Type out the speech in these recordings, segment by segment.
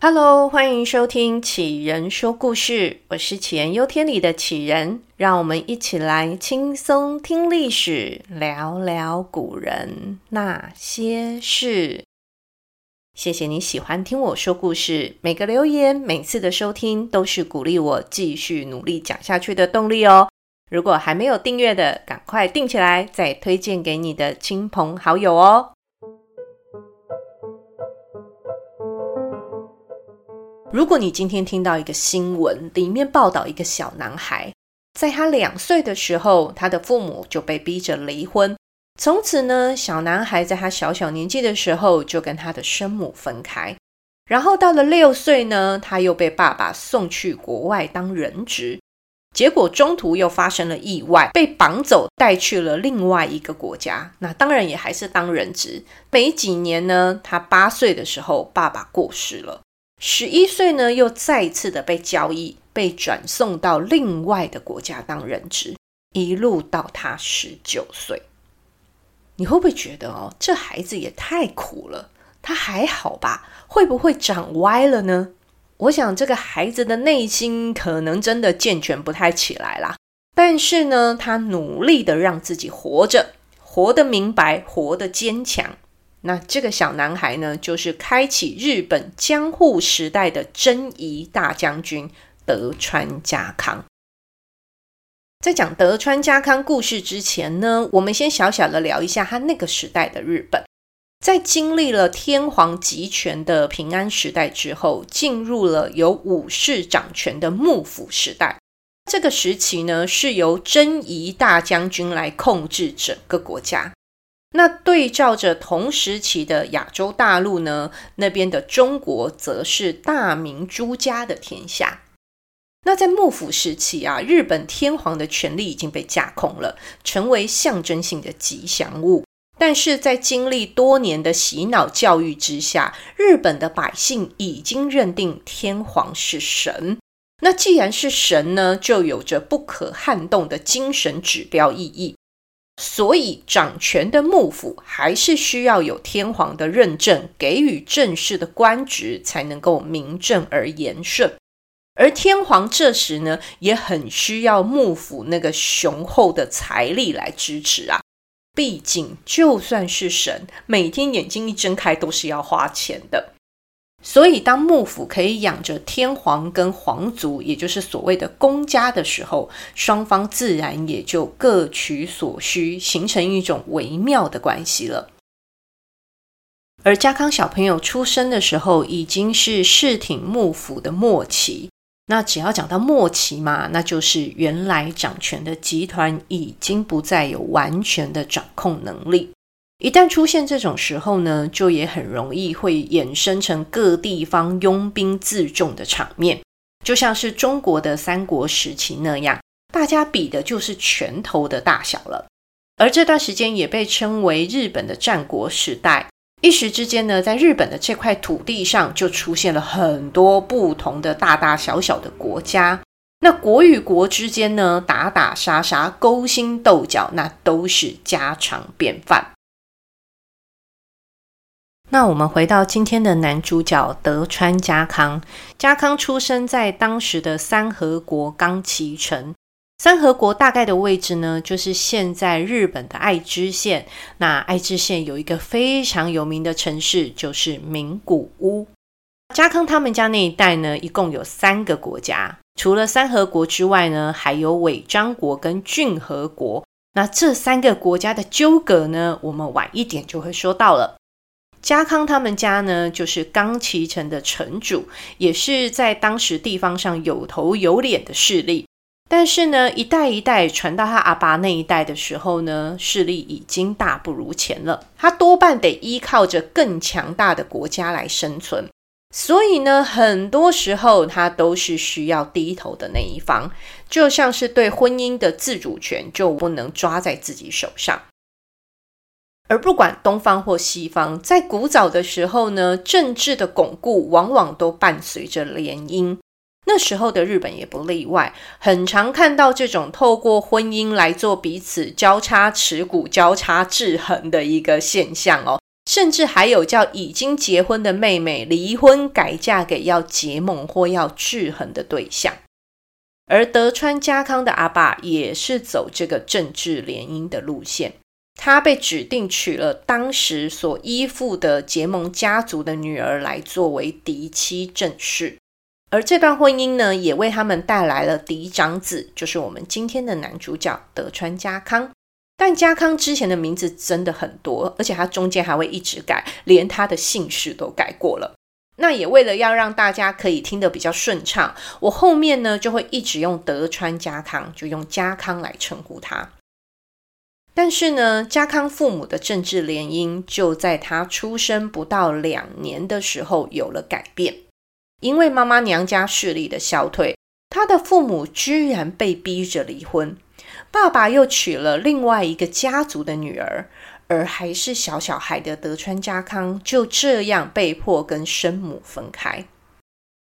Hello，歡迎收聽杞人說故事，我是杞人憂天裡的杞人，讓我們一起來輕鬆聽歷史，聊聊古人那些事。謝謝你喜歡聽我說故事，每個留言、每次的收聽都是鼓勵我繼續努力講下去的動力哦。如果還沒有訂閱的，趕快訂起來，再推薦給你的親朋好友哦。如果你今天聽到一個新聞，裡面報道一個小男孩，在他兩歲的時候，他的父母就被逼着離婚。從此呢，小男孩在他小小年紀的時候就跟他的生母分開。然後到了六歲呢，他又被爸爸送去國外當人質。結果中途又發生了意外，被綁走帶去了另外一個國家。那當然也還是當人質。沒幾年呢，他八歲的時候，爸爸過世了。十一歲呢，又再次的被交易，被轉送到另外的國家當人質，一路到他十九歲。你會不會覺得哦，這孩子也太苦了？他還好吧？會不會長歪了呢？我想這個孩子的內心可能真的健全不太起來啦。但是呢，他努力的讓自己活着，活得明白，活得堅強。那這個小男孩呢，就是開啟日本江戶時代的征夷大將軍德川家康。在講德川家康故事之前呢，我們先小小的聊一下他那個時代的日本。在經歷了天皇集權的平安時代之後，進入了由武士掌權的幕府時代。這個時期呢，是由征夷大將軍來控制整個國家。那對照着同時期的亞洲大陸呢，那邊的中國則是大明朱家的天下。那在幕府時期啊，日本天皇的權力已經被架空了，成為象徵性的吉祥物。但是在經歷多年的洗腦教育之下，日本的百姓已經認定天皇是神。那既然是神呢，就有着不可撼動的精神指標意義。所以，掌權的幕府還是需要有天皇的認證，給予正式的官職，才能夠名正而言順。而天皇這時呢，也很需要幕府那個雄厚的財力來支持啊。畢竟，就算是神，每天眼睛一睜開都是要花錢的。所以，當幕府可以養着天皇跟皇族，也就是所謂的公家的時候，雙方自然也就各取所需，形成一種微妙的關係了。而家康小朋友出生的時候，已經是室町幕府的末期。那只要講到末期嘛，那就是原來掌權的集團已經不再有完全的掌控能力。一旦出現這種時候呢，就也很容易會衍生成各地方擁兵自重的場面，就像是中國的三國時期那樣，大家比的就是拳頭的大小了。而這段時間也被稱為日本的戰國時代。一時之間呢，在日本的這塊土地上就出現了很多不同的大大小小的國家。那國與國之間呢，打打殺殺、勾心鬥角，那都是家常便飯。那我們回到今天的男主角德川家康。家康出生在當時的三河國岡崎城。三河國大概的位置呢，就是現在日本的愛知縣。那愛知縣有一個非常有名的城市，就是名古屋。家康他們家那一帶呢，一共有三個國家，除了三河國之外呢，還有尾張國跟駿河國。那這三個國家的糾葛呢，我們晚一點就會說到了。家康他們家呢，就是岡崎城的城主，也是在當時地方上有頭有臉的勢力。但是呢，一代一代傳到他阿爸那一代的時候呢，勢力已經大不如前了。他多半得依靠着更強大的國家來生存，所以呢，很多時候他都是需要低頭的那一方。就像是對婚姻的自主權，就不能抓在自己手上。而不管東方或西方，在古早的時候呢，政治的鞏固往往都伴隨着聯姻。那時候的日本也不例外，很常看到這種透過婚姻來做彼此交叉持股、交叉制衡的一個現象哦。甚至還有叫已經結婚的妹妹離婚改嫁給要結盟或要制衡的對象。而德川家康的阿爸也是走這個政治聯姻的路線。他被指定娶了當時所依附的結盟家族的女兒來作為嫡妻正室，而這段婚姻呢，也為他們帶來了嫡長子，就是我們今天的男主角德川家康。但家康之前的名字真的很多，而且他中間還會一直改，連他的姓氏都改過了。那也為了要讓大家可以聽得比較順暢，我後面呢，就會一直用德川家康，就用家康來稱呼他。但是呢，家康父母的政治聯姻就在他出生不到兩年的時候有了改變，因為媽媽娘家勢力的消退，他的父母居然被逼着離婚，爸爸又娶了另外一個家族的女兒，而還是小小孩的德川家康就這樣被迫跟生母分開。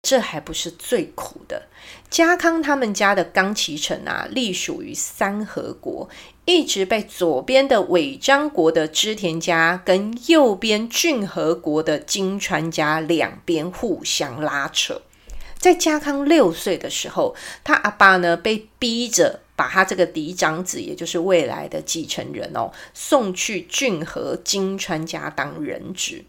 這還不是最苦的，家康他們家的岡崎城啊，隸屬於三河國，一直被左邊的尾張國的織田家跟右邊駿河國的今川家兩邊互相拉扯。在家康六歲的時候，他阿爸呢被逼着把他這個嫡長子，也就是未來的繼承人哦，送去駿河今川家當人質。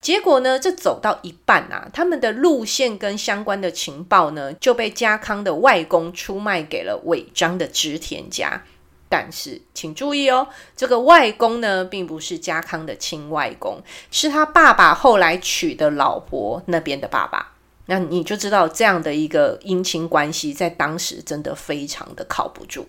結果呢？這走到一半啊，他們的路線跟相關的情報呢，就被家康的外公出賣給了尾張的織田家。但是請注意哦，這個外公呢，並不是家康的親外公，是他爸爸後來娶的老婆那邊的爸爸。那你就知道這樣的一個姻親關係，在當時真的非常的靠不住。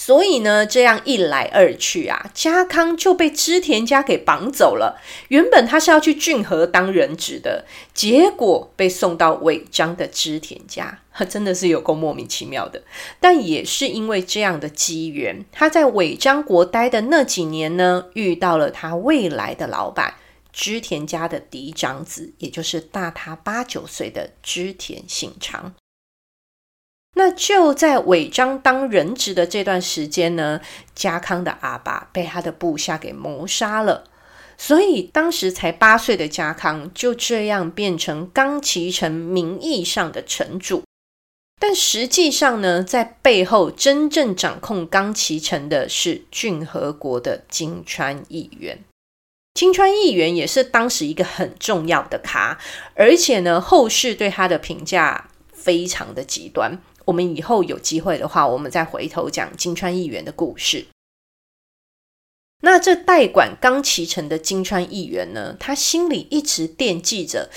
所以呢，這樣一來二去啊，家康就被織田家給綁走了。原本他是要去駿河當人質的，結果被送到尾張的織田家，真的是有夠莫名其妙的。但也是因為這樣的機緣，他在尾張國待的那幾年呢，遇到了他未來的老闆織田家的嫡長子，也就是大他八九歲的織田信長。那就在尾張當人質的這段時間呢，家康的阿爸被他的部下給謀殺了，所以當時才八歲的家康就這樣變成岡崎城名義上的城主，但實際上呢，在背後真正掌控岡崎城的是駿河國的今川義元。今川義元也是當時一個很重要的咖，而且呢，後世對他的評價非常的極端。我們以後有機會的話，我們再回頭講今川義元的故事。那這代管剛繼承的今川義元呢，他心裡一直惦記着，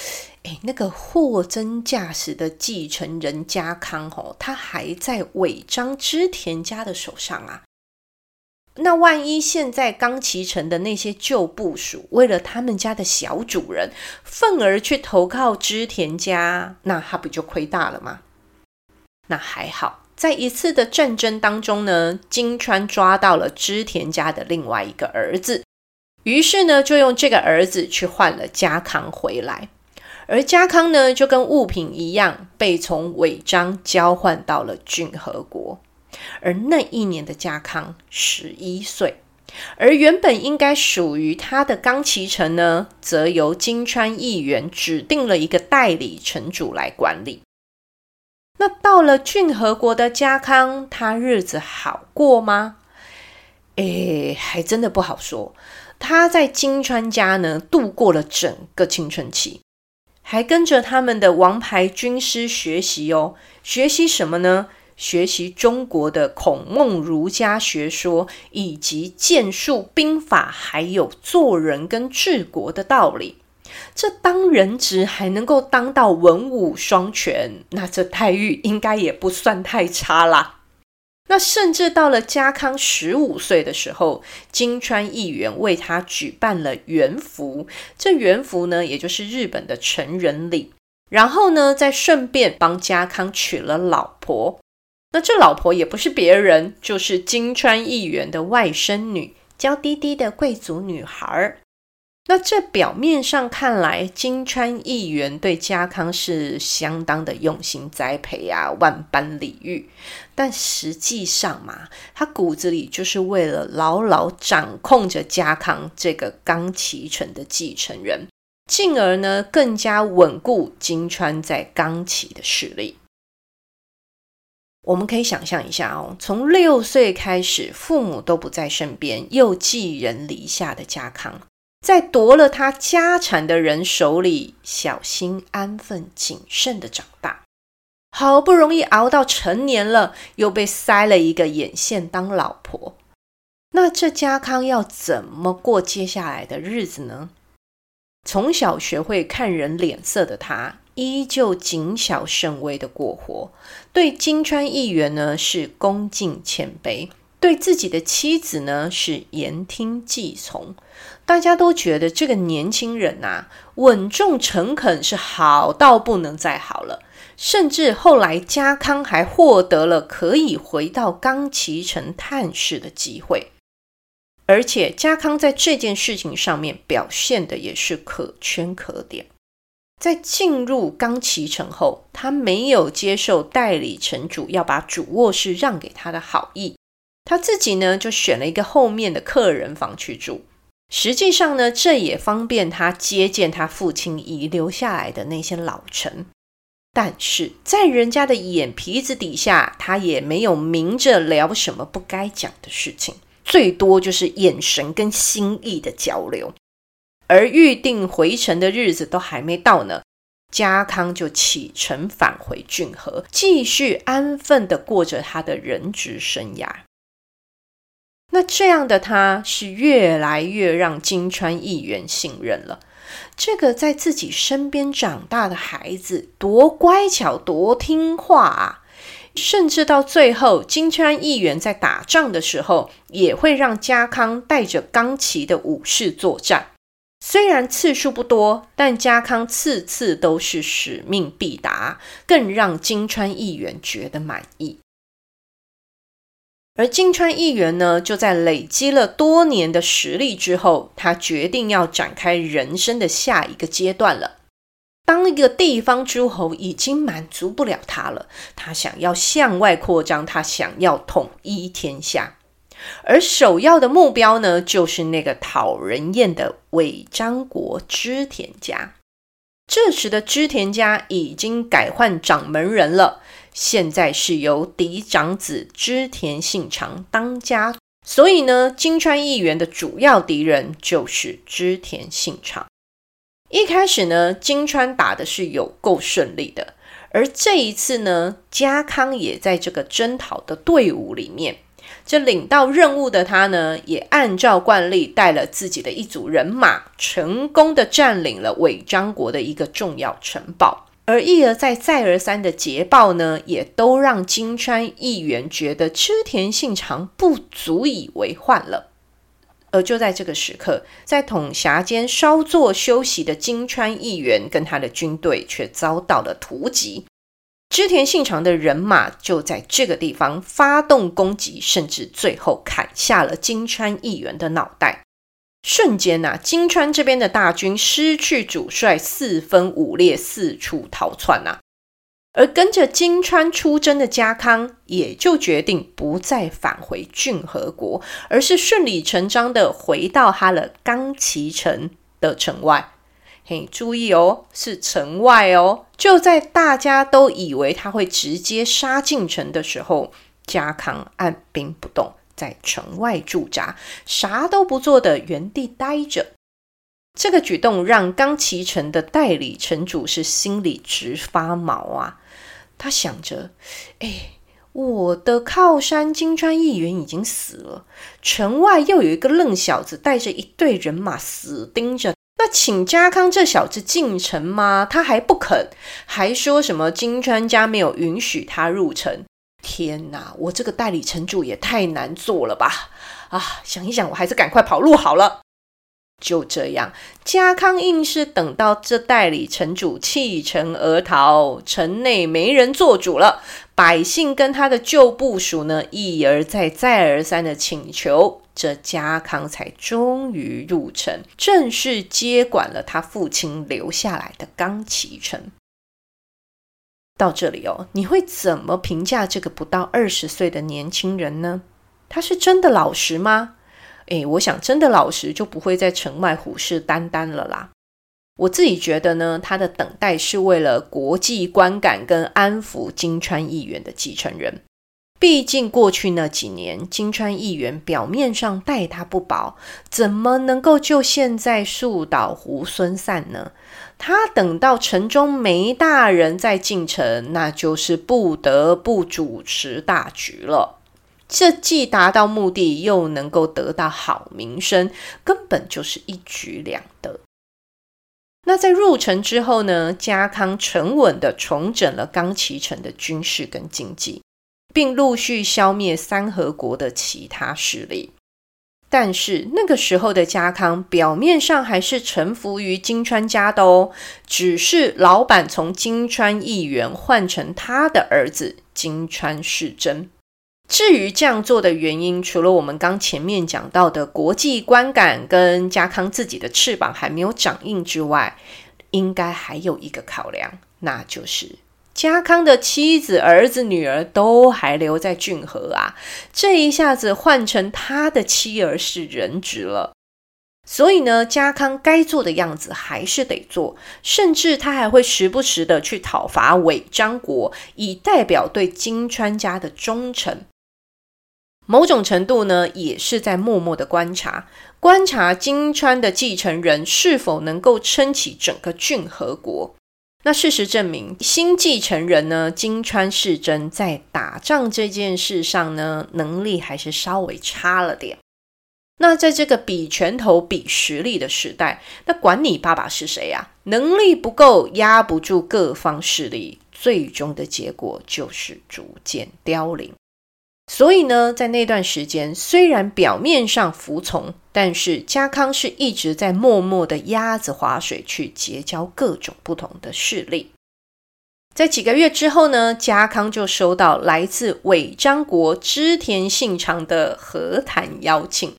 誒，那個貨真價實的繼承人家康吼，他還在尾張織田家的手上啊。那萬一現在剛繼承的那些舊部屬，為了他們家的小主人，憤而去投靠織田家，那他不就虧大了嗎？那還好，在一次的戰爭當中呢，今川抓到了織田家的另外一個兒子，於是呢就用這個兒子去換了家康回來，而家康呢就跟物品一樣，被從尾張交換到了駿河國，而那一年的家康十一歲，而原本應該屬於他的岡崎城呢，則由今川義元指定了一個代理城主來管理。那到了駿河國的家康，他日子好過嗎？哎，還真的不好說。他在今川家呢度過了整個青春期，還跟着他們的王牌軍師學習哦。學習什麼呢？學習中國的孔孟儒家學說，以及劍術、兵法，還有做人跟治國的道理。這當人質還能夠當到文武雙全，那這待遇應該也不算太差啦。那甚至到了家康十五歲的時候，今川義元為他舉辦了元服，這元服呢，也就是日本的成人禮。然後呢，再順便幫家康娶了老婆。那這老婆也不是別人，就是今川義元的外甥女，嬌滴滴的貴族女孩兒。那這表面上看來，今川義元對家康是相當的用心栽培啊，萬般禮遇。但實際上嘛，他骨子裡就是為了牢牢掌控着家康這個岡崎城的繼承人，進而呢更加穩固今川在岡崎的勢力。我們可以想象一下哦，從六歲開始，父母都不在身邊，又寄人籬下的家康。在奪了他家產的人手裡，小心安分謹慎的長大，好不容易熬到成年了，又被塞了一個眼線當老婆。那這家康要怎麼過接下來的日子呢？從小學會看人臉色的他，依舊謹小慎微的過活，對今川義元呢是恭敬謙卑。對自己的妻子呢是言聽計從，大家都覺得這個年輕人啊穩重誠懇，是好到不能再好了。甚至後來家康還獲得了可以回到岡崎城探視的機會，而且家康在這件事情上面表現的也是可圈可點。在進入岡崎城後，他沒有接受代理城主要把主臥室讓給他的好意。他自己呢，就選了一個後面的客人房去住。實際上呢，這也方便他接見他父親遺留下來的那些老臣。但是在人家的眼皮子底下，他也沒有明着聊什麼不該講的事情，最多就是眼神跟心意的交流。而預定回程的日子都還沒到呢，家康就啟程返回駿河，繼續安分地過着他的人質生涯。那這樣的他是越來越讓今川義元信任了。這個在自己身邊長大的孩子，多乖巧，多聽話啊！甚至到最後，今川義元在打仗的時候，也會讓家康帶着岡崎的武士作戰。雖然次數不多，但家康次次都是使命必達，更讓今川義元覺得滿意。而今川義元呢，就在累積了多年的實力之後，他決定要展開人生的下一個階段了。當一個地方諸侯已經滿足不了他了，他想要向外擴張，他想要統一天下，而首要的目標呢，就是那個討人厭的尾張國織田家。這時的織田家已經改換掌門人了，現在是由嫡長子織田信長當家，所以呢，今川義元的主要敵人就是織田信長。一開始呢，今川打的是有夠順利的，而這一次呢，家康也在這個征討的隊伍裡面。這領到任務的他呢，也按照慣例帶了自己的一組人馬，成功的占領了尾張國的一個重要城堡。而一而再、再而三的捷報呢，也都讓今川義元覺得織田信長不足以為患了。而就在這個時刻，在桶狹間稍作休息的今川義元跟他的軍隊，卻遭到了突擊織田信長的人馬就在這個地方發動攻擊，甚至最後砍下了今川義元的腦袋。瞬間吶、啊，今川這邊的大軍失去主帥，四分五裂，四處逃竄吶、啊。而跟着今川出征的家康，也就決定不再返回駿河國，而是順理成章的回到他的岡崎城的城外。嘿，注意哦，是城外哦！就在大家都以為他會直接殺進城的時候，家康按兵不動，在城外駐紮，啥都不做的原地待着。這個舉動讓剛啟程的代理城主是心裡直發毛啊！他想着：“哎、欸，我的靠山今川義元已經死了，城外又有一個愣小子帶着一隊人馬死盯着。”那請家康這小子進城嗎？他還不肯，還說什麼今川家沒有允許他入城。天哪，我這個代理城主也太難做了吧！啊，想一想，我還是趕快跑路好了。就這樣，家康硬是等到這代理城主棄城而逃，城內沒人做主了。百姓跟他的舊部屬呢，一而再、再而三的請求。這家康才終於入城，正式接管了他父親留下來的岡崎城。到這裡哦，你會怎麼評價這個不到二十歲的年輕人呢？他是真的老實嗎？誒，我想真的老實就不會在城外虎視眈眈了啦。我自己覺得呢，他的等待是為了國際觀感跟安撫今川義元的繼承人。畢竟過去那幾年，今川義元表面上待他不薄，怎麼能夠就現在樹倒猢猻散呢？他等到城中沒大人再進城，那就是不得不主持大局了。這既達到目的，又能夠得到好名聲，根本就是一舉兩得。那在入城之後呢？家康沉穩的重整了岡崎城的軍事跟經濟。並陸續消滅三河國的其他勢力，但是那個時候的家康表面上還是臣服於今川家的哦，只是老闆從今川義元換成他的兒子今川氏真。至於這樣做的原因，除了我們剛前面講到的國際觀感跟家康自己的翅膀還沒有長硬之外，應該還有一個考量，那就是。家康的妻子、兒子、女兒都還留在駿河啊，這一下子換成他的妻兒是人質了。所以呢，家康該做的樣子還是得做，甚至他還會時不時的去討伐尾張國，以代表對今川家的忠誠。某種程度呢，也是在默默的觀察，觀察今川的繼承人是否能夠撐起整個駿河國。那事實證明，新繼承人呢，今川氏真在打仗這件事上呢，能力還是稍微差了點。那在這個比拳頭、比實力的時代，那管你爸爸是誰呀、啊，能力不夠，壓不住各方勢力，最終的結果就是逐漸凋零。所以呢，在那段時間，雖然表面上服從，但是家康是一直在默默的鴨子划水，去結交各種不同的勢力。在幾個月之後呢，家康就收到來自尾張國織田信長的和談邀請。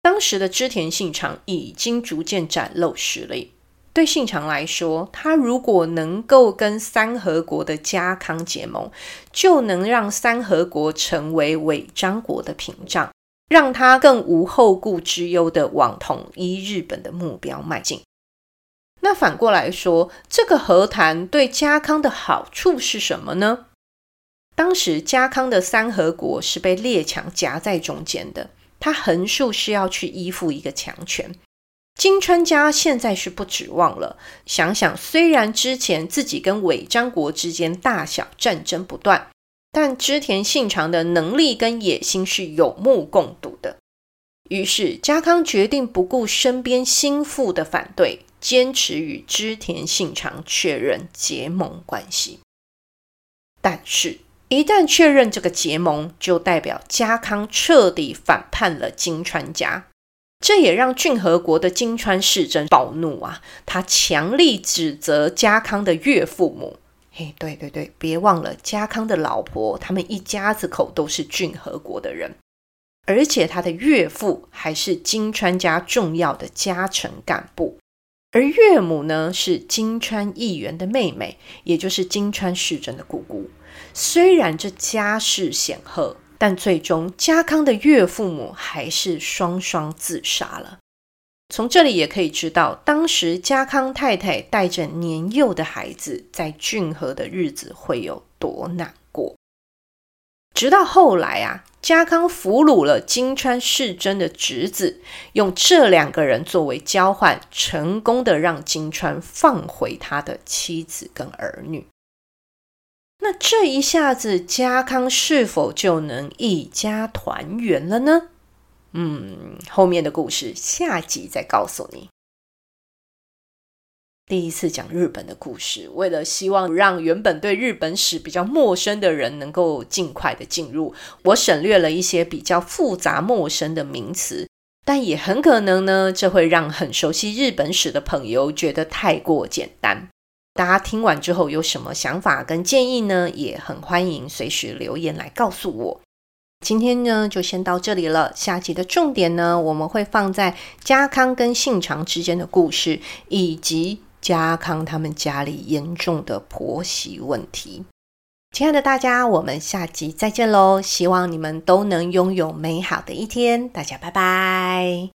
當時的織田信長已經逐漸展露實力。對信長來說，他如果能夠跟三河國的家康結盟，就能讓三河國成為尾張國的屏障，讓他更無後顧之憂的往統一日本的目標邁進。那反過來說，這個和談對家康的好處是什麼呢？當時家康的三河國是被列強夾在中間的，他橫豎是要去依附一個強權。今川家現在是不指望了。想想，雖然之前自己跟尾張國之間大小戰爭不斷，但織田信長的能力跟野心是有目共睹的。於是，家康決定不顧身邊心腹的反對，堅持與織田信長確認結盟關係。但是，一旦確認這個結盟，就代表家康徹底反叛了今川家。這也讓駿河國的今川氏真暴怒啊！他強力指責家康的岳父母。嘿，對對對，別忘了家康的老婆，他們一家子口都是駿河國的人，而且他的岳父還是今川家重要的家臣幹部，而岳母呢，是今川義元的妹妹，也就是今川氏真的姑姑。雖然這家世顯赫，但最終，家康的岳父母還是雙雙自殺了。從這裡也可以知道，當時家康太太帶着年幼的孩子在駿河的日子會有多難過。直到後來啊，家康俘虜了今川氏真的侄子，用這兩個人作為交換，成功的讓今川放回他的妻子跟兒女。那這一下子，家康是否就能一家團圓了呢？嗯，後面的故事下集再告訴你。第一次講日本的故事，為了希望讓原本對日本史比較陌生的人能夠儘快的進入，我省略了一些比較複雜陌生的名詞，但也很可能呢，這會讓很熟悉日本史的朋友覺得太過簡單。大家聽完之後有什麼想法跟建議呢？也很歡迎隨時留言來告訴我。今天呢，就先到這裡了。下集的重點呢，我們會放在家康跟信長之間的故事，以及家康他們家裡嚴重的婆媳問題。親愛的大家，我們下集再見嘍！希望你們都能擁有美好的一天。大家拜拜。